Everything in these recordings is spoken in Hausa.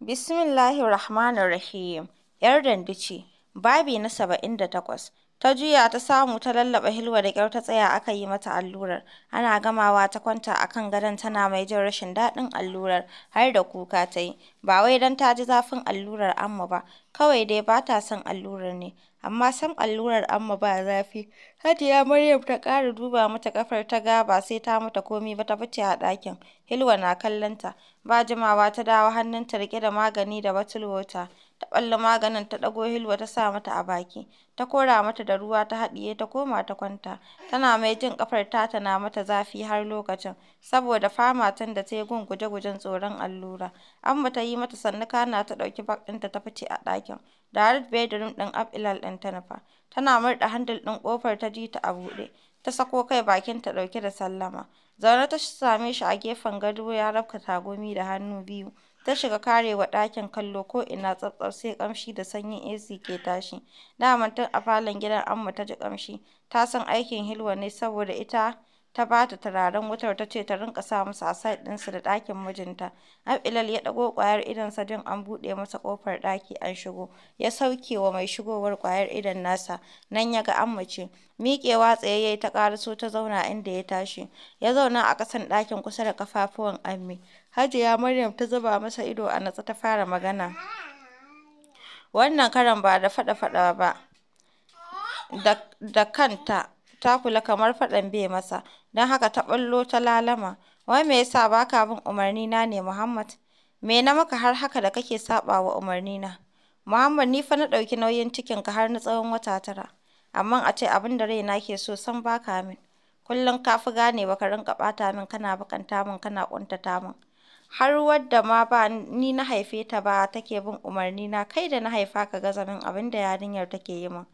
Bismillahirrahmanirrahim. 'Yar dandici, ce. Babi na takwas. Ta juya ta samu ta lallaɓa Hilwa da ƙyar ta tsaya aka yi mata allurar, ana gamawa ta kwanta a kan gadon tana mai jin rashin daɗin allurar, har da kuka ta yi, ba wai don ta ji zafin allurar Amma ba, kawai dai ba ta son allurar ne, amma sam allurar Amma ba zafi. Hajiya Maryam ta ƙara duba mata ƙafar ta ga ba sai ta mata komi ba ta fice a ɗakin, Hilwa na kallon ba jimawa ta dawo hannunta riƙe da magani da bottle Ta ɓalla maganin ta ɗago Hilwa ta sa mata a baki, ta kora mata da ruwa ta haɗiye ta koma ta kwanta, tana mai jin ƙafar ta na mata zafi har lokacin, saboda fama tun da ta yi gun guje-gujen tsoron allura. an ta yi mata sannuka na ta ɗauki bag ɗinta ta fice a ɗakin. Da Direct bedroom ɗin ab'ilal ɗin ta nufa, tana murɗa handle ɗin ƙofar ta ji ta a buɗe, ta sako kai bakin ta ɗauke da sallama. Zaune ta same shi a gefen gado ya rabka tagumi da hannu biyu. Ta shiga karewa ɗakin kallo ko ina tsaf sai ƙamshi da sanyin AC ke tashi. Daman tun a falon gidan Amma ta ji ƙamshi, ta san aikin Hilwa ne saboda ita ta ba ta turaren wutar ta ce ta rinka sa musu a ɗinsu da ɗakin mijinta. abilal ya ɗago ƙwayar idonsa din an buɗe masa ƙofar ɗaki an shigo. Ya sauke wa mai shigowar ƙwayar idon nasa. Nan ya ga an mace. Miƙewa tsaye ya yi ta ƙaraso ta zauna inda ya tashi. Ya zauna a ƙasan ɗakin kusa da ƙafafuwan Ammi. Hajiya Maryam ta zuba masa ido a natse ta fara magana. Wannan karan ba da faɗa-faɗa ba. Da kanta ta kula kamar faɗan bai masa. don haka ta ɓallo ta lalama, wai me yasa baka bin umarni na ne Muhammad? Me na maka har haka da kake saɓa wa na Muhammad ni fa na ɗauki nauyin cikin ka har na tsawon wata tara, amma a ce abin da raina ke so san baka min. Kullum ka fi gane ba ka rinka ɓata min kana bakanta min kana ƙuntata min. Har wadda ma ba ni na haife ta ba take bin umarni na kai da na haifa ka gaza min abin da yarinyar take yi min.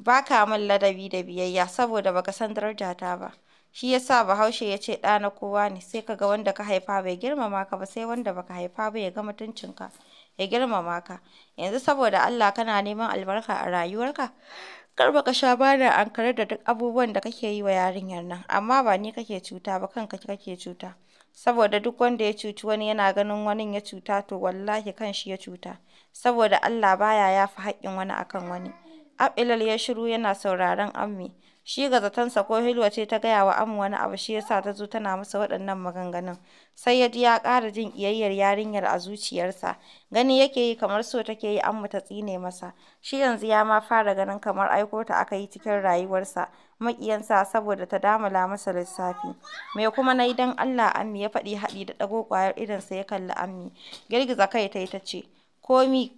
Ba ka min ladabi da biyayya saboda baka ka san darajata ba, shi yasa Bahaushe ya ce ɗa na kowa ne, sai ka ga wanda ka haifa bai girmama ka ba sai wanda baka haifa ba ya ga mutuncinka ya girmama ka. Yanzu saboda Allah kana neman albarka a rayuwarka? Kar ba sha bana ankare da duk abubuwan da kake yi wa yarinyar nan, amma ba ni kake cuta ba kanka kake cuta. Saboda duk wanda ya cuci wani yana ganin wani ya cuta to wallahi kan shi ya cuta, saboda Allah baya yafi haƙƙin wani akan wani. Abdullahi ya shiru yana sauraron Ammi, shi ga zatonsa ko Hilwa ce ta gaya wa Ammi wani abu shi yasa tazo ta zo tana masa waɗannan maganganun, sai ya ji ya ƙara jin ƙiyayyar yarinyar a zuciyarsa, gani yake yi kamar so take yi Ammi ta tsine masa, shi yanzu ya ma fara ganin kamar aiko ta aka yi cikin rayuwarsa, maƙiyansa saboda ta damula masa lissafi. Me kuma na yi don Allah Ammi ya faɗi haɗi da ɗago ƙwayar idonsa ya kalli Ammi, girgiza kai ta yi ta ce, komi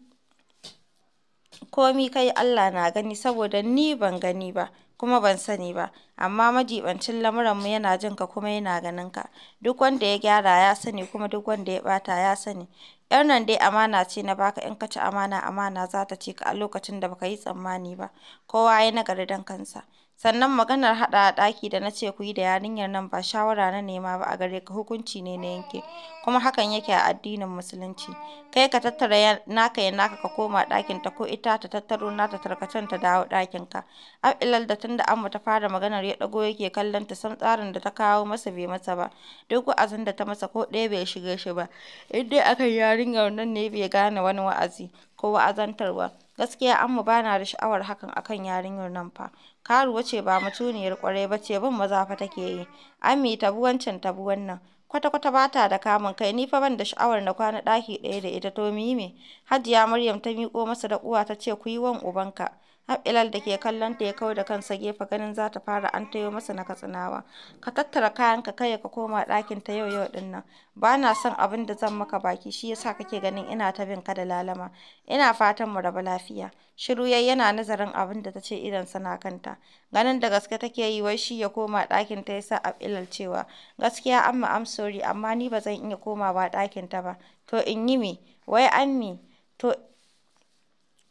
Komi ka Allah na gani saboda ni ban gani ba kuma ban sani ba, amma majibancin lamuranmu yana jin ka kuma yana ganin ka, duk wanda ya gyara ya sani kuma duk wanda ya bata ya sani. 'Yar nan dai amana ce na baka in ka ci amana amana za ta ci ka a lokacin da baka yi tsammani ba, kowa ya yi nagari dan kansa. Sannan maganar haɗa ɗaki da na ce ku yi da yarinyar nan ba shawara na nema ba a gare ka, hukunci ne na yanke, kuma hakan yake a addinin Musulunci. Kai ka tattara naka ya naka ka koma ɗakinta ko ita ta tattaro nata tarkacen ta dawo ka Ab'ilal da tun da Amma ta fara maganar ya ɗago yake kallon ta san tsarin da ta kawo masa bai masa ba, duk wa'azin da ta masa ko ɗaya bai shiga shi ba, in dai akan yarinyar nan ne bai gane wani wa'azi. ko wa'azantarwa, gaskiya Amma ba na da sha'awar hakan a kan yarinyar nan fa, karuwa ce ba mutuniyar kwarai ba ce bin maza fa take yi, Ami, tabi wancan tabi wannan, kwata-kwata bata da kamun kai ni fa ban da sha'awar na kwana ɗaki ɗaya da ita to mimi Hajiya Maryam ta miƙo masa da uwa ta ce ku yi wan ubanka. Ab'ilal da ke kallon ta ya kau da kansa gefe ganin za ta fara an antayo masa na Katsinawa. Ka tattara kayan ka kai ka koma ɗakin ta yau yau ɗin nan. Ba na son abin da zan maka baki shi yasa kake ganin ina ta bin ka da lalama. Ina fatan mu raba lafiya. Shiru yayi yana nazarin abin da ta ce sana kanta. Ganin da gaske take yi wai shi ya koma ɗakin ta yasa ab'ilal cewa gaskiya amma am sorry amma ni ba zan iya komawa ɗakin ta ba. To in yi me? Wai ammi? To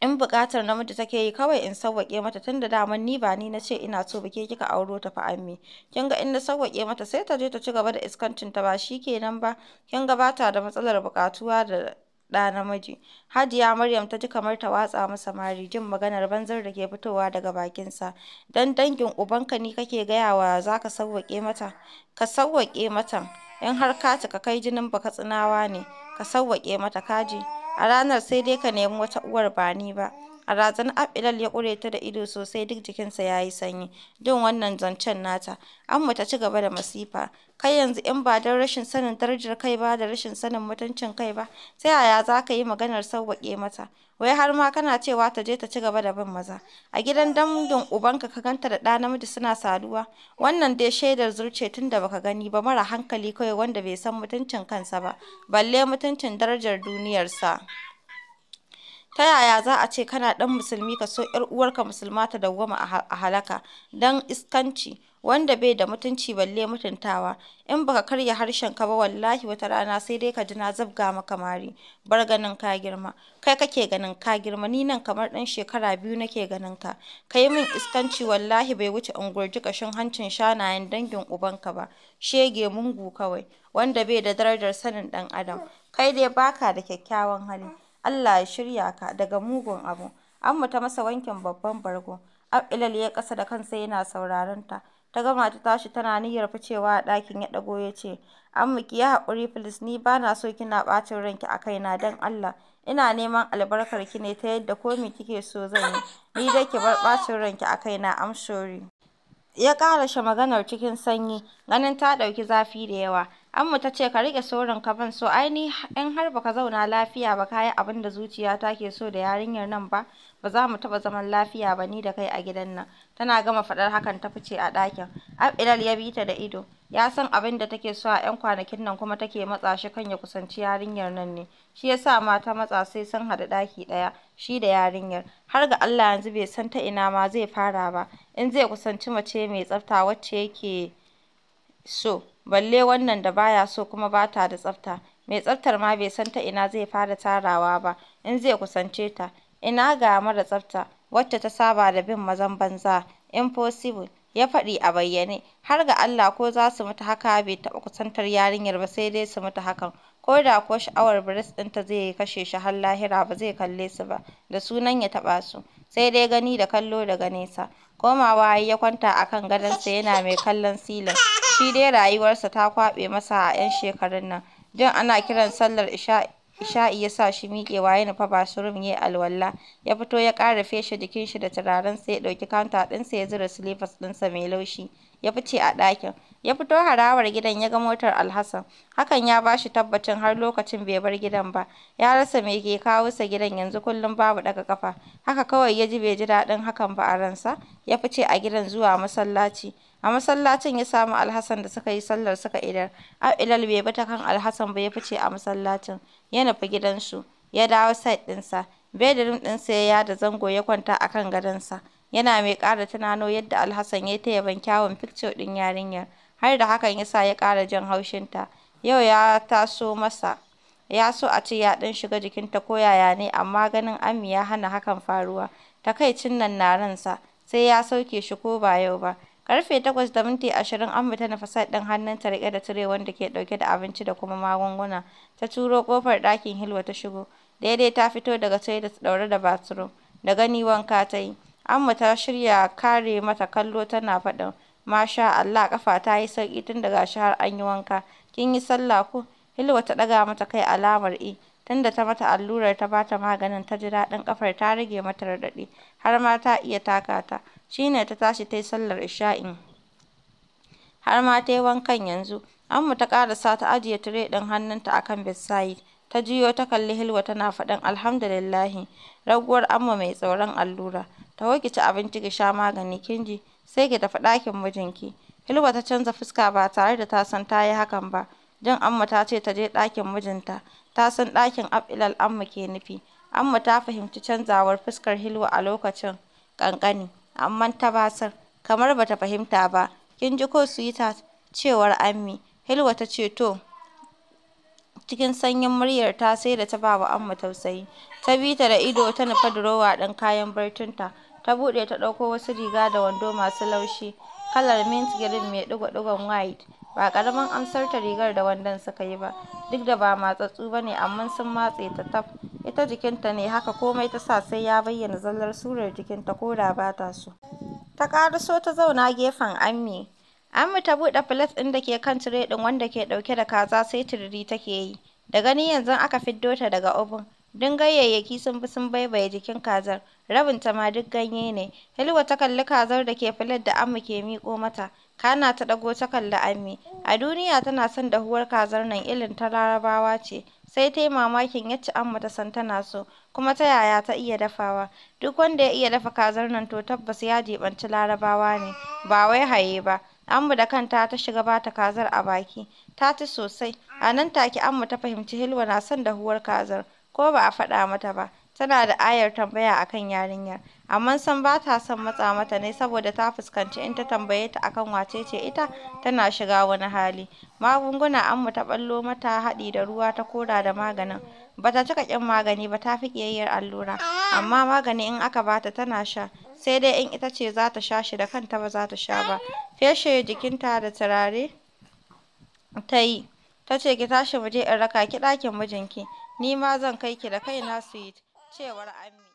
In buƙatar namiji take yi kawai in sawwaƙe mata tunda daman ni ba ni na ce ina so ba ke kika auro ta fa ammi. Kin ga in na sawwaƙe mata sai ta je ta ci gaba da iskancin ta ba shi kenan ba. Kin ga ba da matsalar buƙatuwa da ɗa namiji. Hajiya Maryam ta ji kamar ta watsa masa mari jin maganar banzar da ke fitowa daga bakinsa. Dan dangin ubanka ni kake gayawa yawa za ka sawwaƙe mata. Ka sawwaƙe mata. In har ka kai jinin baka tsinawa ne. Ka sawwaƙe mata kaji. A ranar sai dai ka nemi wata uwar ba ni ba. A razan abilal ya kure ta da ido sosai duk jikinsa ya yi sanyi don wannan zancen nata. Amma ta ci gaba da masifa. Kai yanzu in ba don rashin sanin darajar kai ba da rashin sanin mutuncin kai ba, sai yaya za ka yi maganar sauwaƙe mata? Wai har ma kana cewa ta je ta ci gaba da bin maza. A gidan dangin ubanka ka ganta da ɗa namiji suna saduwa. Wannan dai shaidar zurce tun da baka gani ba mara hankali kawai wanda bai san mutuncin kansa ba, balle mutuncin darajar duniyarsa. ta yaya za a ce kana ɗan musulmi ka so ‘yar uwarka musulma ta dawwama a halaka dan iskanci wanda bai da mutunci balle mutuntawa in baka karya harshen ka ba wallahi wata rana sai dai ka ji na zabga maka mari bar ganin ka girma kai kake ganin ka girma ni nan kamar ɗan shekara biyu nake ganin ka kai min iskanci wallahi bai wuce in gurji hancin shanayen dangin ubanka ba shege mungu kawai wanda bai da darajar sanin dan adam kai dai baka da kyakkyawan hali Allah ya shirya ka daga mugun abu. An ta masa wankin babban bargo. Ab'ilal ya kasa da kansa yana sauraron ta. Ta gama ta tashi tana niyyar ficewa a ɗakin ya ɗago ya ce, "Amma ki haƙuri Filis ni ba na so kina ɓacin ranki a kaina don Allah. Ina neman albarkar ki ne ta yadda ko me kike so zan yi. Ni dai ki bar ɓacin ranki a kaina I'm sorry. Ya shi maganar cikin sanyi, ganin ta ɗauki zafi da yawa. Amma ta ce ka riƙe sorin ka ban so aini in har ka zauna lafiya ba kayi abin da zuciya ta ke so da yarinyar nan ba ba za mu taɓa zaman lafiya ba ni da kai a gidan nan. Tana gama faɗar hakan ta fice a ɗakin. Abdul ya bi ta da ido. Ya san abin da take so a 'yan kwanakin nan kuma take matsa shi kan ya kusanci yarinyar nan ne. Shi yasa mata matsa sai sun hada ɗaki ɗaya shi da yarinyar. Har ga Allah yanzu bai san ta ina ma zai fara ba. In zai kusanci mace mai tsafta wacce yake so. balle wannan da baya so kuma bata da tsafta, mai tsaftar ma bai san ta ina zai fara tarawa ba in zai kusance ta, ina ga mara tsafta wacce ta saba da bin mazan banza, impossible, ya faɗi a bayyane, har ga Allah ko za su mutu haka bai taɓa kusantar yarinyar ba sai dai su mutu hakan. ko da ko sha'awar ɗin ɗinta zai kashe shi har lahira ba zai kalle su ba da sunan ya taɓa su sai dai gani da kallo daga nesa komawa ya kwanta a kan gadonsa yana mai kallon silin Shi dai rayuwarsa ta kwaɓe masa a 'yan shekarun nan, jin ana kiran sallar isha'i ya sa shi miƙewa ya nufi bathroom ya yi alwala, ya fito ya ƙara feshe jikinshi da turarensa ya ɗauki counter ɗinsa ya zura silifas ɗinsa mai laushi, ya fice a ɗakin. Ya fito harawar gidan ya ga motar Alhassan, hakan ya ba shi tabbacin har lokacin bai bar gidan ba, ya rasa me ke kawo sa gidan yanzu kullum babu ɗaga kafa. haka kawai ya ji bai ji daɗin hakan ba a ransa, ya fice a gidan zuwa masallaci. A masallacin ya samu Alhassan da suka yi sallar suka idar. Ab'ilal bai bi ta kan Alhassan ba ya fice a masallacin, ya nufi gidansu, ya dawo site ɗinsa. Bedroom ɗinsa ya yada zango ya kwanta a kan gadonsa, yana mai ƙara tunano yadda Alhassan ya ta yaban kyawun picture ɗin yarinyar, har da hakan ya sa ya ƙara jin haushinta. Yau ya taso masa. ya so a ce ya ɗan shiga jikinta ko yaya ne amma ganin Ami ya hana hakan faruwa takaicin nan na ransa sai ya sauke shi ko ba yau ba Karfe 8:20 Amber ta nufi ɗin hannunta rike da tire wanda ke dauke da abinci da kuma magunguna, ta turo kofar dakin Hilwa ta shigo, daidai ta fito daga toilet ɗaure da bathroom, da gani wanka ta yi. Amma ta shirya kare mata kallo tana faɗin, Masha Allah kafa ta yi sauki tun daga shahar har an yi wanka, kin yi sallah ku Hilwa ta daga mata kai alamar eh. tun da ta mata allurar ta ba ta maganin ta ji daɗin ƙafar ta rage mata raɗaɗi har ma ta iya taka ta, shi ne ta tashi ta yi sallar isha'in har ma ta yi wankan yanzu. Ammu ta ƙarasa ta ajiye tire ɗin hannunta a kan bedside. Ta juyo ta kalli Hilwa tana faɗin alhamdulillahi, raguwar amma mai tsoron allura. Ta ki ci abinci ki sha magani kin ji, sai ki tafi ɗakin mijinki. Hilwa ta canza fuska ba tare da ta san ta yi hakan ba. Jin amma ta ce ta je ɗakin mijinta, ta san ɗakin Af'ilal Amma ke nufi. Amma ta fahimci canzawar fuskar Hilwa a lokacin ƙanƙani, amma ta basar, kamar ba ta fahimta ba. Kin ji ko ta cewar Ammi. Hilwa ta ce to, cikin sanyin muryar ta sai da ta ba wa Amma tausayi. Ta bi ta da ido ta nufa durowa ɗin kayan barcinta. Ta buɗe ta ɗauko wasu riga da wando masu laushi, kalar mint green mai ɗigo-ɗigon white. Ba ƙaramin amsar ta rigar da wandon suka yi ba, duk da ba matsatsu ba ne amma sun matse ta taf. Ita jikinta ne haka komai ta sa sai ya bayyana zallar surar jikinta ko da ba ta so. Ta ƙaraso ta zauna gefen Ammi. Ammi ta buɗe filas ɗin da ke kan tire ɗin wanda ke ɗauke da kaza sai tiriri take yi. Da gani yanzu aka fiddo ta daga ubun Dun gayyayyaki sun fi sun baibaye jikin kazar, Rabin ta ma duk ganye ne. Hilwa ta kalli kazar da ke filar da Amma ke miƙo mata, kana ta ɗago ta kalli Ammi. A duniya tana son dahuwar kazar nan irin ta Larabawa ce, sai ta yi mamakin yacce Amma ta san tana so, kuma ta yaya ta iya dafawa. Duk wanda ya iya dafa kazar nan to tabbas ya jibanci Larabawa ne, ba wai haye ba. Amma da kanta ta shiga bata kazar a baki, ta ci sosai. A nan take Amma ta fahimci Hilwa na son dahuwar kazar. ko ba a faɗa mata ba, tana da ayar tambaya a kan yarinyar, amma san ba ta son matsa mata ne saboda ta fuskanci in ta tambaye ta akan wace ce ita, tana shiga wani hali. Magunguna mu ta ɓallo mata haɗi da ruwa ta kora da maganin. Ba ta cika ƙin magani ba ta fi ƙiyayyar allura, amma magani in aka bata tana sha, sai dai in ita ce za ta sha shi da kanta ba za ta sha ba. Feshe jikinta da turare ta yi, ta ce ki tashi mu je in raka ki ɗakin mijinki. ni ma zan kai ki da kaina sweet, cewar amin